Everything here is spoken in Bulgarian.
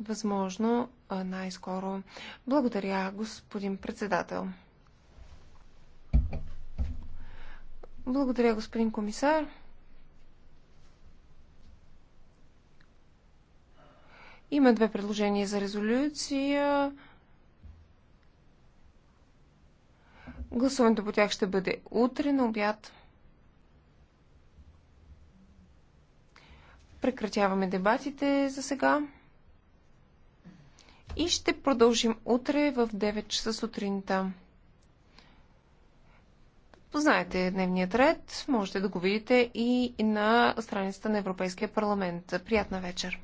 възможно най-скоро. Благодаря, господин председател. Благодаря, господин комисар. Има две предложения за резолюция. Гласуването по тях ще бъде утре на обяд. Прекратяваме дебатите за сега и ще продължим утре в 9 часа сутринта. Познаете дневният ред, можете да го видите и на страницата на Европейския парламент. Приятна вечер!